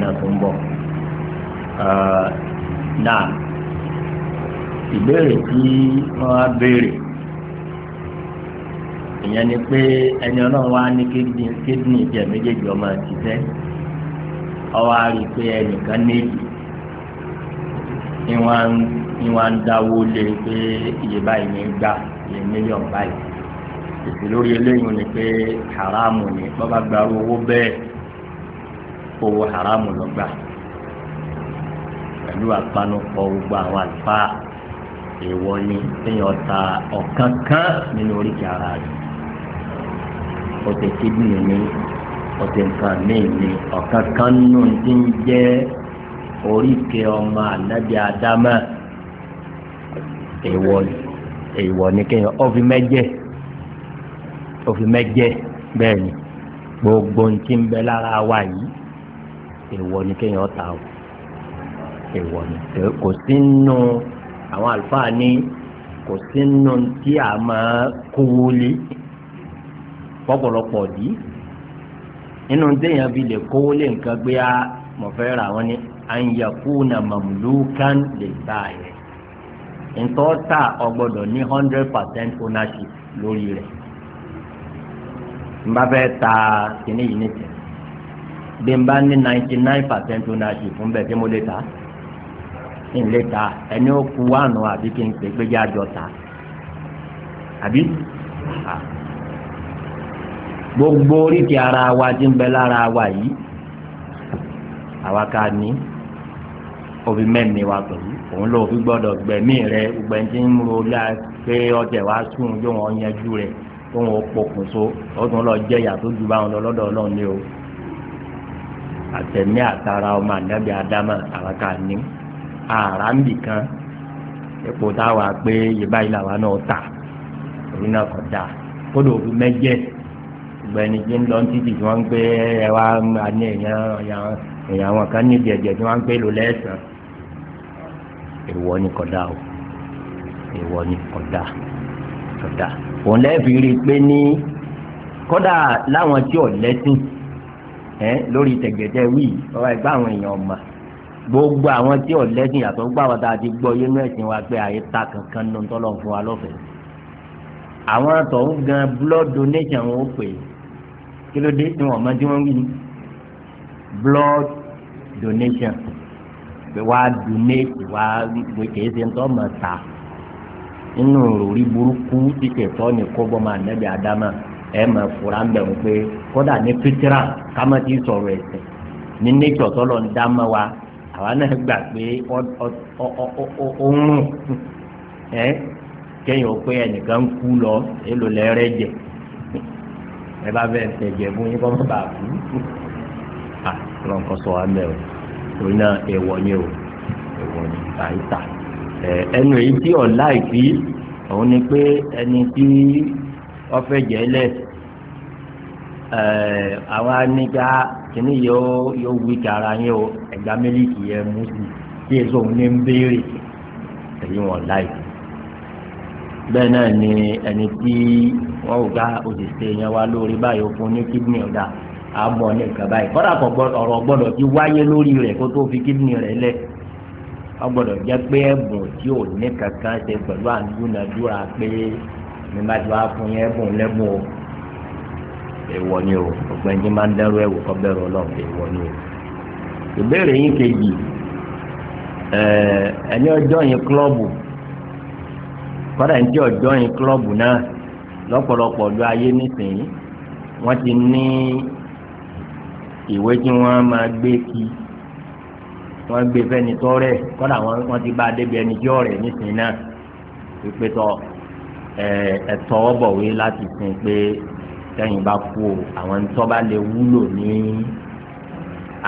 náà tó ń bọ̀ ah, náà ìbéèrè tí wọ́n á béèrè ìyẹn ni pé ẹni ọlọ́run wá ní kídìní jẹ méjèèjì ọmọ àtijọ́ ọwọ́ á rí i pé ẹnìkan níbi ìwọ̀n ń dáwó lé pé iye báyìí ní gbà iye mílíọ̀nù báyìí èsì lórí eléyìí ni pé haramu ni bọ́ba gbarú owó bẹ́ẹ̀ owó haramu lọ́gbà pẹ̀lú àpanupọ̀ gbogbo àwọn àlùfáà èèwọ̀ ni téèyàn ta ọ̀kan kan nínú oríkì ara rẹ̀ ọ̀tẹ̀ kídìnì ni ọ̀tẹ̀ nǹkan míì ni ọ̀kan kan nínú ti ń jẹ́ oríkì ọmọ ànábì ádámà èèwọ̀ ni èèwọ̀ ni kéèyàn ọ̀fi mẹ́jẹ̀ ọ̀fi mẹ́jẹ̀ bẹ́ẹ̀ ni gbogbo ntí ń bẹ lára wa yìí èèwọ̀ ni kéèyàn ta o èèwọ̀ ni kò sí nù àwọn àlùfáà ní kò sí nù tí a máa kówó lé pọ̀pọ̀lọpọ̀ dì nínú téèyàn fi lè kówó lé nǹkan gbé a mọ̀ fẹ́ ra wọn ni anyakuna mamlukan lè bá a yẹ ntọ́ta ọgbọ́dọ̀ ní hundred percent ownership lórí rẹ̀ n bá fẹ́ ta bí n bá ní ninety nine percent onaṣì fún bẹ́ẹ̀ tí mo lè ta ń lè ta ẹni ó ku wánu àbí kí n pè pé yá jọ ta àbí gbogbo oríkì ara wa ti ń bẹ lára wa yìí àwa ká ní òbí mẹ́mi wa pẹ̀lú òun ló fi gbọ́dọ̀ gbẹ̀mí rẹ gbẹ̀ntì ń ro láì pé ọ̀tẹ̀ wá sùn yóò wọ́n yanjú rẹ̀ tó wọn pokùnso ó tún lọ jẹ́ ìyà tó báwọn lọ lọ́dọ̀ ọlọ́run ní o àtẹ̀mí àtara ọmọ ànábì adama àràkà ní àrà ń bì kan ipò táwa pé yìí báyìí làwa náà tà orí náà kò dáa kódò òfin mẹ́jẹ̀ gbẹ̀ni tí ń lọ títì tí wọ́n ń gbé ẹ wá ní èèyàn àwọn kan níbi ẹ̀jẹ̀ tí wọ́n ń gbé lò lẹ́sàn-án èèwọ̀ ni kò dáa o èèwọ̀ ni kò dáa kò dáa òun lẹ́ẹ̀fì rí i pé ní kódà láwọn tí ò lẹ́sìn lórí tẹ̀gbẹ̀tẹ̀ wí ọba ẹgbẹ́ àwọn èèyàn ọ̀mà gbogbo àwọn tí ò lẹ́sìn yàtọ̀ gbọ́ àwọn tá a ti gbọ́ yé mẹ́sìn wa pé àyè ta kankan ló ń tọ́lọ̀ fún wa lọ́fẹ̀ẹ́ àwọn àtọ̀ ń gan blood donation wọn ó pè é kí ló dé tí wọ́n mọ tí wọ́n wí ni blood donation pé wàá donate wàá kèé ṣe ń tọ́ mọ̀ ta nínú òrí burúkú tí kẹtọ́ ni kó bọ́ máa nẹ́bí Adama ẹ mọ̀ fura ń bẹ̀ wọ́n pé kódà ní fitira kámẹ́tì sọ̀rọ̀ ẹ̀sẹ̀ ní nature tọ́lọ̀ ń dá mọ́ wa àwa náà gbà pé ó ń rùn ẹ kẹ́yìn ó pé ẹnìkan ń kú lọ èlò lẹ́rẹ́ jẹ ẹ bá bẹ́ẹ̀ tẹ̀jẹ̀ fún yín kọ́ mọ́ bàá kú à lọ́n kọ́ sọ wa ń bẹ̀ o torí náà èèwọ̀ ni o èèwọ̀ ni àyíká ẹnu èyí tí ọ̀ láì fi òun ni pé ẹni tí ọ̀fẹ́ jẹ́lẹ̀ ẹ̀ẹ́ àwọn anìjà kìíní yóò yóò wí kára yín o ẹ̀gbá mílíkì yẹn mú sí tí èso òun ní ń béèrè èyí wọn láì bẹ́ẹ̀ náà ni ẹni tí wọ́n ò gá òṣìṣẹ́ yẹn wá lórí báyìí ó fún ní kídìní ọ̀dà àmọ́ ní nǹkan báyìí kọ́dà kọ́ ọ̀rọ̀ gbọ́dọ̀ ti wáyé lórí rẹ̀ kó tó fi kídìní rẹ̀ lẹ̀ wọ́n gbọ́dọ̀ jẹ́ pé ẹ̀bùn tí ò ní kankan ṣe pẹ̀lú àdúnadúrà pé mi má ti wá fún yẹn bùn lẹ́bùn o èèwọ̀ ni o ọ̀gbẹ́ni tí máa ń dẹ́rù ẹ̀wò kọ́ bẹ̀rù ọlọ́run èèwọ̀ ni o ìbéèrè yín kejì ẹni ọjọ́ yín klọ́ọ̀bù kọ́dà ní tí ọjọ́ yín klọ́ọ̀bù náà lọ́pọ̀lọpọ̀ ọdún ayé nísìnyí wọ́n ti ní ìwé tí wọ́n máa gbé kí wọ́n gbé fẹ́ni tọ́rẹ̀ kọ́dà wọ́n ti bá a débi ẹni tí ọ̀rẹ́ nísìnyí náà pípẹ́ tọ́ ẹ̀tọ́ bọ̀wé láti sin pé sẹ́yìn bá kú o àwọn ntọ́ bá lè wúlò ní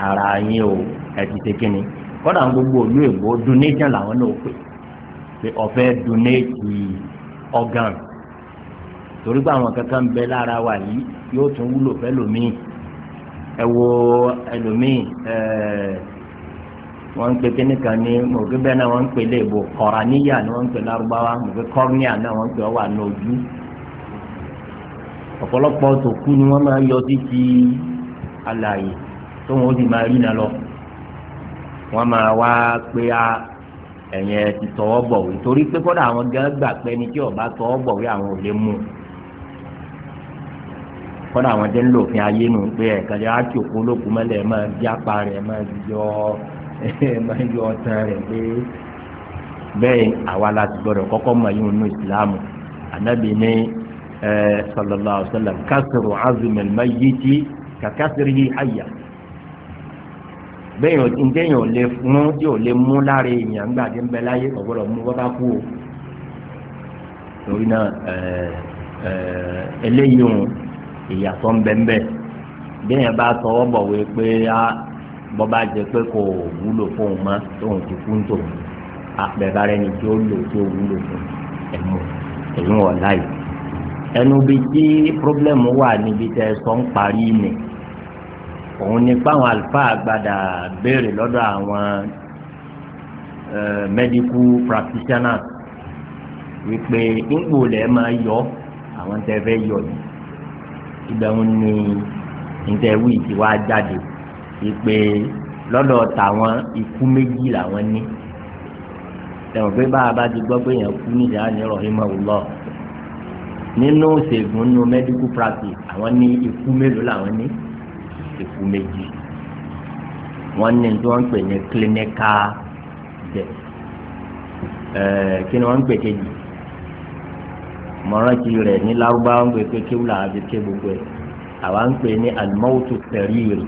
ara yín o ẹ ti ṣe kọ́dà gbogbo òlú èbó donation làwọn náà pè pé ọ̀fẹ́ donate organ torí pé àwọn kankan ń bẹ lára wa yìí yóò tún wúlò fẹ́lòmíì ẹ wo ẹlòmíì ẹ wọ́n ń pe kíní kan ní mọ̀gbẹ́ bẹ́ẹ̀ náà wọ́n ń pè léèbò kọ̀raníyà ni wọ́n ń pè lárúbáwá mọ̀gbẹ́ kọ́rníà náà wọ́n ń pè ọ̀pọ̀lọpọ̀ tòkú ni wọ́n máa yọ ti alààyè tó wọn sì máa rí náà lọ wọ́n máa wá pé a torí pé kọ́dà àwọn gbà pé ẹni tí ọba tọwọ́ àwọn ò lè mú àwọn jẹ́ ńlò ayé nù máa ń yọ ọ̀tàn rẹ̀ pé bẹ́ẹ̀ àwa láti gbọ́dọ̀ kọ́kọ́ mọ̀ yín nínú ìsìláàmù ànábì ní sallallahu alaihi wasallam kásìrò azumil mayyiti kàkásìrì hayya bẹ́ẹ̀ yàn ǹjẹ́yàn ò lè mú tí ò lè mú lára èèyàn gbà tí ń bẹ láyé ọ̀gbọ́dọ̀ mú bọ́ bá kú o torí náà eléyìí òun ìyàtọ̀ ń bẹ́ẹ̀ bẹ́ẹ̀ yẹn bá sọ ọ́ bọ̀wé pé ah, bọ́ba jẹ pé kò wúlò fóun mọ́ tóun ti kú tó àpẹẹrẹ ni tí ó lò tí ó wúlò fún ẹ̀mú èyí wọ̀ láyé ẹnu bíi tí pírọ́blẹ́mù wà níbi tẹ sọ ń parí nì òun ni páwọn àlùfáà gbadà béèrè lọ́dọ̀ àwọn medical practitioners wípé ńpò lẹ̀ máa yọ àwọn tẹ fẹ́ yọ yìí ibẹ̀ ń ní ní tẹ wíì jáde ìpè lọ́dọ̀ tàwọn ikú méjì làwọn ní tẹ̀wọ̀n pé bá a bá ti gbọ́ pé èèyàn kú ní ìdáhà ní rọ̀hìmọ̀ ọ̀lọ́ nínú ṣègùn nínú medical practice àwọn ní ikú mélòó làwọn ní ikú méjì wọ́n ní tí wọ́n ń pè ní clinical death kí ni wọ́n ń pè kejì mọ̀rántì rẹ̀ ní lárúbáwá ń pè pé kéwù làwọn fi ké gbogbo ẹ̀ àwọn ń pè ní alimọ́wòtò tẹ̀rí rẹ̀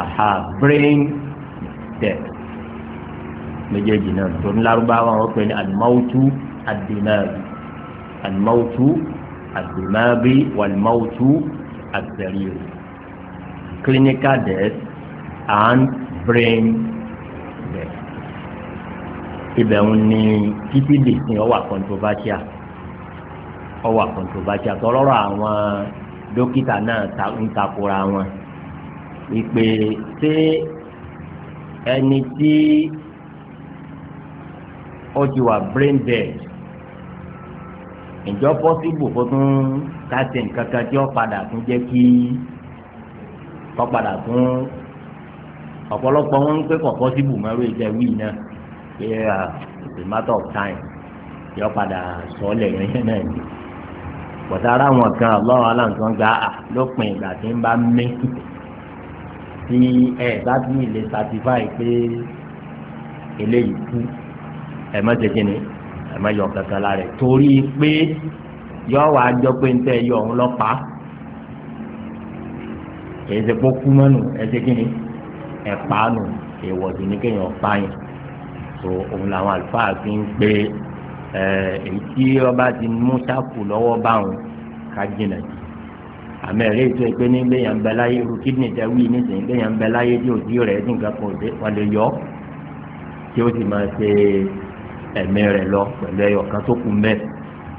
aha brain death méjèèjì náà tó ní lárúbáwá wọn pè ní alimautu adimabi alimautu adimabi walimautu adariyo clinical death and brain death ibẹ̀ ń ní títí lè sin ọwà controversial ọwà controversial tọ́lọ́rọ̀ àwọn dókítà náà ń takora wọn ìpè ṣé ẹni tí ó ti wà brain dead ǹjọ́ pọ́síbù kó tún káṣí nǹkan kan tí ó padà tún jẹ́ kí ó padà tún ọ̀pọ̀lọpọ̀ wọn ń pé kọ̀ pọ́síbù mẹ́rù ìjẹ́ wíì náà pé it's a matter of time yọ padà sọ́ọ̀lẹ̀ yẹn náà ni bọ̀dá ara wọn kan lọ́wọ́ aláǹtọ́ gba lópin ìgbà tí ń bá mí tí ẹ bá ti lè certify pé eléyìí kú ẹ má ṣe kíni ẹ má yọ kankan lára torí pé yọ wàá jọ pé ń tẹ yọ òun lọ́pàá kì í ṣe pé ó kú mọ́nù ẹ ṣe kíni ẹ pa á nù èèwọ̀ sì ní kéèyàn pa yẹn so òun làwọn àlùfáà fi ń pé èyí tí ọba ti mú sáàpù lọ́wọ́ báwọn ká jìnnà jù àmì ẹ̀rí tó ẹgbẹ́ ní gbẹ̀yàn bẹ láyé irú kídìní tẹ wí nísìnyí gbẹ̀yàn bẹ láyé tí òdì rẹ̀ ní nǹkan kan òde wọn lè yọ tí ó sì máa ṣe ẹ̀mí rẹ̀ lọ pẹ̀lú ẹyọ kan tó kù mẹ́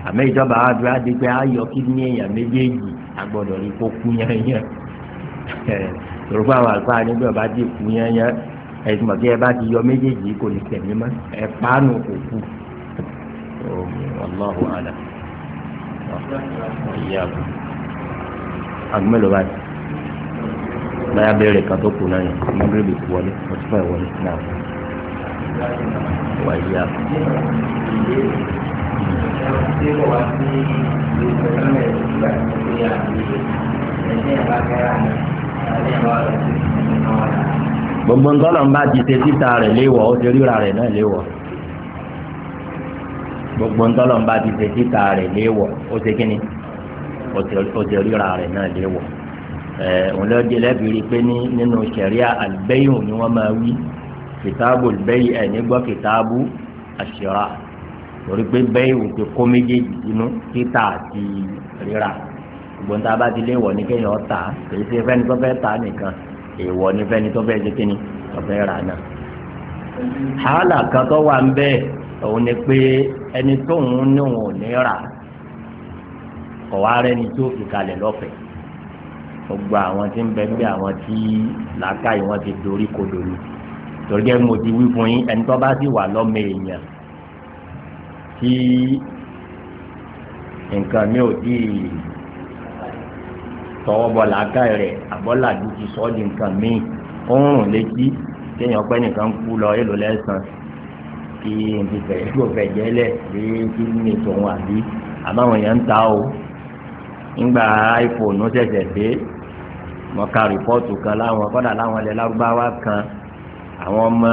àmì ìjọba àdúrà adigun ayọ kídìní èèyàn méjèèjì agbọ́dọ̀ rí kó kú yányán tòrò àwọn àlùfáà nígbà bá ti kú yányán ẹ̀sùn mọ̀ ẹ bá ti yọ méjèèjì kò ní tẹ̀mí mọ́ ẹ àbí mélòó báyìí báyà bẹ̀rẹ̀ kan tó kù náà yẹn mọ́gírẹ́bì kú wọlé ọtí fún ẹ̀ wọlé náà wà yí àpò. gbogbo nǹkan lọ́nà bá ti ṣe títà rẹ̀ léwọ̀ ó ti ríra rẹ̀ náà léwọ̀ gbogbo ntọ́lọ́mbà ti ṣe títà rẹ̀ léwọ̀ ó ṣe kí ọ̀tẹ̀ ríra rẹ̀ náà lè wọ̀ òun lọ jẹ lẹ́bìrì pé nínú sẹ̀ríà àlùbẹ́yìn ni wọ́n máa wí kìtàbù bẹ́yìn ẹ̀ nígbọ́ kìtàbù àṣírà torí pé bẹ́yìn òun ti kó méjèèjì sínú títà àti ríra gbogbo níta bá ti lé wọ̀ ní kéèyàn ta èyí ti fẹ́ni tó fẹ́ ta nìkan èèwọ̀ ní fẹ́ni tó fẹ́ ṣe kíni tó fẹ́ rà náà. hàálà kan tó wà ń bẹ́ẹ̀ òun ni pé ẹni tóun ní òun ò ní rà á wá rẹ́ni tí ó fi kalẹ̀ lọ́fẹ̀ẹ́ gbogbo àwọn tí ń bẹ níbi àwọn tí làákàyè wọn ti dorí kodò ni torí gẹ́gẹ́ mo ti wí fún yín ẹni tó bá sì wà lọ́mọ èèyàn tí nǹkan mi ò tí ì tọwọ́ bọ̀ làákàyè rẹ̀ àbọ́làdú ti sọ́ di nǹkan míì ó ń rùn létí kéèyàn pẹ́ nìkan kú lọ èlò lẹ́sàn-án kí n ti fẹ̀ yóò fẹ̀ jẹ́lẹ̀ bí kí n ní tòun àbí àbáwọn èèyàn ń ta o ńgbà iphone ṣẹ̀ṣẹ̀ dé mo ka rìpọ́ọ̀tù kan láwọn kọ́dà láwọn ilẹ̀ lárúbáwá kan àwọn ọmọ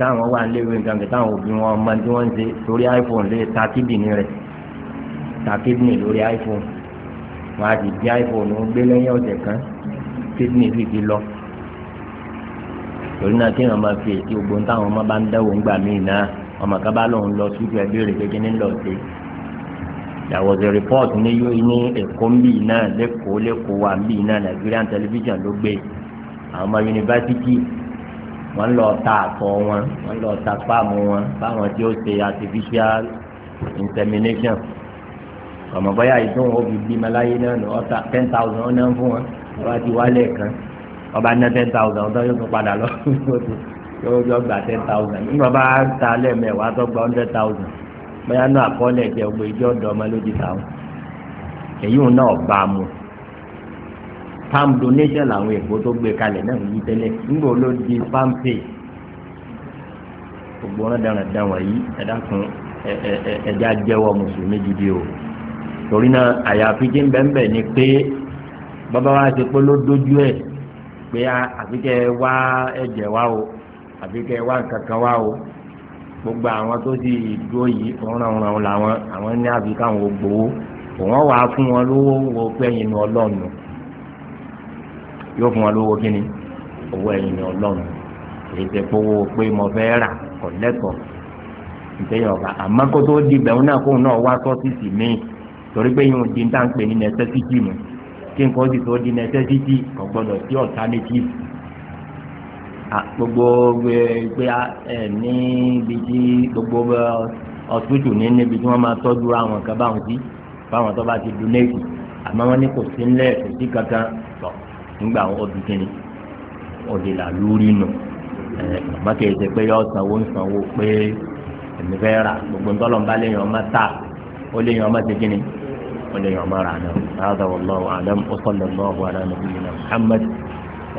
táwọn wà níléèwé nǹkan kí táwọn òbí wọn ọmọ tí wọ́n ń ṣe torí iphone lè ta kídìní rẹ̀ ta kídìní lórí iphone wọn á sì di iphone ń gbé lẹ́yìn ọ̀sẹ̀ kan kídìní sì ti lọ torí náà kí wọn máa fi èsì ògbóǹtàwọn ọmọ bá ń dáwọ́ ńgbà míì náà ọmọ kan bá lóun lọ sùkúù ẹgbẹ́ rẹ̀ kékeré ńlọ sí i there was a report ní ní èkó mbí náà lẹ́kọ̀ọ́ lẹ́kọ̀ọ́ wa mbí náà Nigerian television ló gbé àwọn ọmọ yunifásitì wọ́n lọ ta àtọ̀ wọn wọ́n lọ ta páàmù wọn báwọn tí ó ṣe artificial insemination ọmọ bọ́yá ìdún òbí bímọ láyé náà ní ọ̀tá ten thousand ọ̀nà fún wọn ọba ti wálé kan ọba ná ten thousand ọ̀tọ́ yóò tún padà lọ yóò gbà ten thousand nígbà bá ta lẹ́ẹ̀mẹ́wàá tó gba hundred thousand bóyá náà àkọọ́lẹ̀ jẹ́ gbogbo ìjọ ọ̀dọ́ ọmọ lójú táwọn èyí wọn náà bá a mú palm donation làwọn èkó tó gbé kalẹ̀ náà yí tẹ́lẹ̀ nígbà ló di palm pay gbogbo wọn dára dá wọn ẹ̀dá kan ẹ̀dá jẹ́wọ́ mùsùlùmí gidi o torí náà àyàfi jí ń bẹ́ẹ̀ ni pé bàbá wa ti pé ló dojú ẹ̀ pé àfikẹ́ wá ẹ̀jẹ̀ wá o àfikẹ́ wá nǹkan wá o gbogbo àwọn tó ti dúró yìí ránranran làwọn àwọn ní àfi káwọn gbowó òun wà fún wọn lówó wo pé ẹ̀yin ni ọlọ́run yóò fún wọn lówó kíni owó ẹ̀yin ni ọlọ́run èyí tẹ kówó pé mo fẹ́ rà kọ̀ lẹ́kọ̀ọ́ ìtẹ́yìn ọ̀gá àmọ́ kó tó di bẹ̀rù náà kóun náà wá sọ́ọ̀sì míì torí pé yóò di ní tá à ń pè ní necessity mu kí nǹkan ó sì tó di necessity kò gbọdọ̀ sí alternative gbogbo gbé ẹ níbi tí gbogbo ọ̀sùtù ní níbi tí wọ́n máa tọ́jú àwọn nǹkan báwọn sí báwọn tó bá ti donate àmọ́ wọ́n ní kò sí ńlẹ̀ kò sí kankan tọ̀ nígbà wọn ọdún kìíní ọdẹ là lórí nù ẹ àmọ́ kì ṣe pé yọ sanwó sanwó pé èmi fẹ́ rà gbogbo ńtọ́lọ̀ ń bá ọmọ tà ó léèyàn ọmọ ṣe kíni ó léèyàn ọmọ rà náà.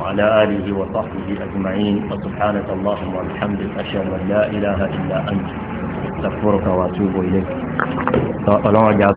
وعلى آله وصحبه أجمعين وسبحانك اللهم والحمد أشهد أن لا إله إلا أنت استغفرك وأتوب إليك